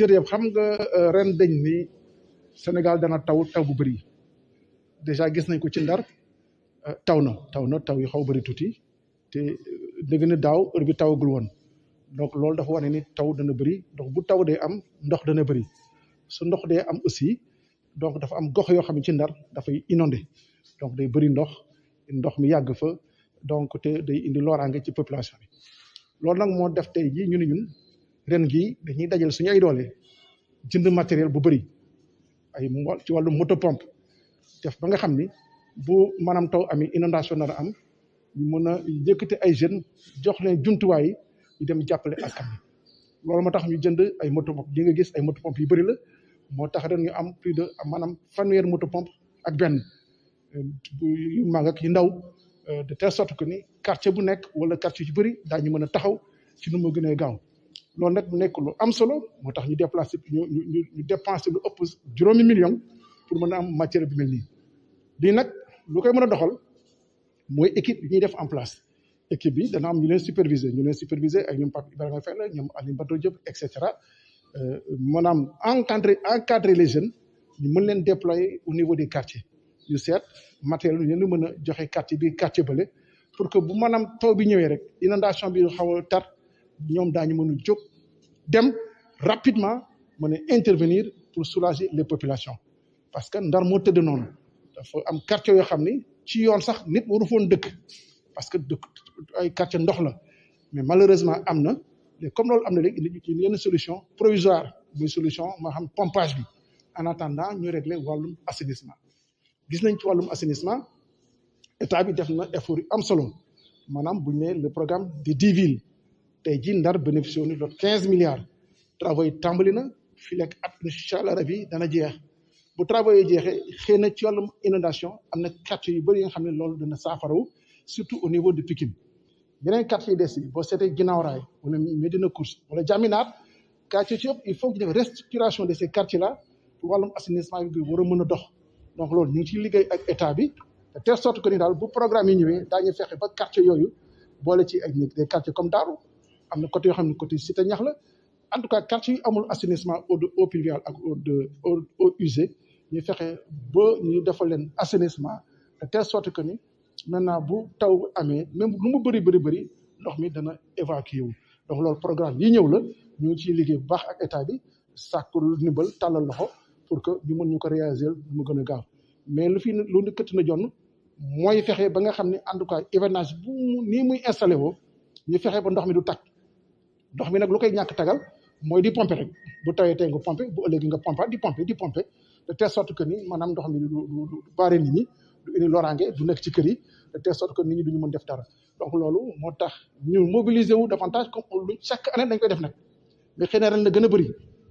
jërëjëf xam nga euh, ren dañ ni Sénégal dana taw taw bu bëri dèjà gis nañ ko ci ndar euh, taw na taw na taw yi xaw bëri tuuti te euh, dëgg na daaw heure bi tawagul woon donc loolu dafa wane ni taw dana bëri donc bu taw dee am ndox dana bëri su ndox dee am aussi donc dafa am gox yoo xam ne ci ndar dafay inondé donc day bëri ndox ndox mi yàgg fa donc te day indi loraange ci population bi loolu nag moo defte tey jii ñu ne ñun ren gi dañuy dajal suñu ay doole jënd matériel bu bëri ay ci wàllu moto pompe def ba nga xam ni bu maanaam taw ami inondation nar am ñu mën a yëkkati ay jeunes jox leen jumtuwaay yi dem jàppale ak kam loolu moo tax ñu jënd ay moto pompe di nga gis ay moto pompe yu bëri la moo tax ren ñu am plus de maanaam fanweer moto pompe ak benn yu mag yu ndaw de telle sorte que ni quartier bu nekk wala quartier yu bëri ñu mën a taxaw ci nu mu gënee gaaw. loolu nag nekk lu am solo dépensé lu million pour mën am matière bi mel lu équipe en place équipe bi dana am ñu leen superviser ñu leen superviser ak ñoom Pape Ibrahima euh, encadrer les jeunes ñu mën déployer au niveau des quartiers ñu seet matériel ñu leen mën a quartier bi quartier pour que bu taw bi ñëwee rek inondation bi ñoom daañu mënu a jóg dem rapidement mën a intervenir pour soulager les populations parce que ndar moo tëdd noonu dafa am quartier yoo xam ni ci yoon sax nit waru foon dëkk parce que dëkk ay quartier ndox la mais malheureusement am na mais comme loolu am na léegi indi yenn solution provisoire muy solution maa xam pompage bi en attendant ñu régler wàllum assainissement gis nañ ci wàllum assainissement état bi def na effort yu am solo maanaam bu ñu nee le programme des dix villes tey jii ndar bénéficié wu ñu milliards travaux yi tàmbali na fii lekk at incha rabi dana jeex bu travaux yi jeexee xëy na ci wàllum inondation am na quartier yu bëri yi nga xam ne loolu dana saafarawu surtout au niveau de Pikine yeneen quartier yi des yi boo seetee ginnaaw raay wala Médina Course wala Jaminaat quartier ci yëpp il faut que ñu def restructuration de ces quartiers là pour wàllum assainissement bi war a mën a dox donc loolu ñu ngi ciy liggéey ak état bi de telle sorte que ni daal bu programme yi ñëwee daañu fexe ba quartier yooyu boole ci ay des quartiers comme Darou am na côté yoo xam ne côté cité ñax la en tout cas quartier yi amul assainissement eau de eau pluviale ak eau de eau usée ñu fexe ba ñu defal leen assainissement de telle sorte que ni maintenant bu taw amee même lu mu bëri bëri bëri ndox mi dana évacuer wu donc loolu programme yi ñëw la ñu ngi ciy liggéey bu baax ak état bi sàkku ndimbal tàllal loxo pour que ñu mën ñu ko réaliser mu gën a gaaw mais lu fi lu nu këtt na jonn mooy fexe ba nga xam ne en tout cas hivernage bu nii muy installé woo ñu fexe ba ndox mi du tàkk ndox mi nag lu koy ñàkk tagal mooy di pomper rek bu tawee tey nga pomper bu ëllëgi nga di pompe, di pompe. de telle sorte que ni maanaam ndox mi du du baare nit ñi du indi loraange du nekk ci kër yi de telle sorte que nit ñi duñu mën def dara donc loolu moo tax ñu mobiliser wu davantage comme lu chaque année dañ koy def nag mais xëy na gën a bëri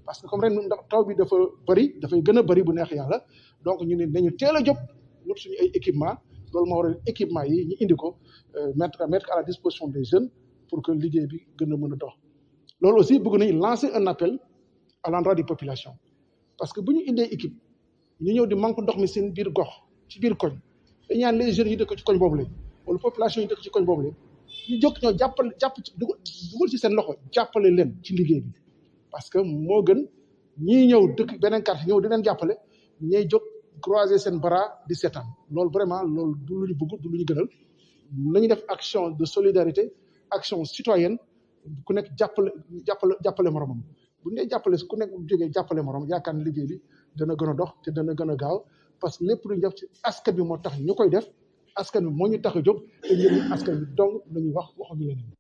parce que comme ren taw bi dafa bëri dafay gën a bëri bu neex yàlla donc ñu ne nañu teel a jóg wut suñu ay équipement loolu moo waral équipement yi ñu indi ko euh, mettre mettre à la disposition des jeunes pour que liggéey bi gën a mën a dox loolu aussi bëgg nañu lancer un appel à l'endroit des populations parce que bu ñu indee équipe ñu ñëw di manque ndox mi seen biir gox ci biir koñ dañu ñaan les jeunes yi dëkk ci koñ boobu la wala population yi dëkk ci koñ boobu la ñu jóg ñoo jàppale jàpp ci dugal ci seen loxo jàppale leen ci liggéey bi parce que moo gën ñii ñëw dëkk benen quartier ñëw di leen jàppale ñay jóg croiser seen bras di seetaan loolu vraiment loolu du luñu ñu bëgg du luñu gënal nañu def action de solidarité action citoyenne ku nekk jàppale jàppale jàppale moromam bu ñu nee jàppale ku nekk jógee jàppale morom yaakaar ne liggéey bi dana gën a dox te dana gën a gaaw parce que lépp lu ñu ci askan bi moo tax ñu koy def askan bi moo ñu tax a jóg te njëriñ askan bi dong la ñuy wax waxuñu leneen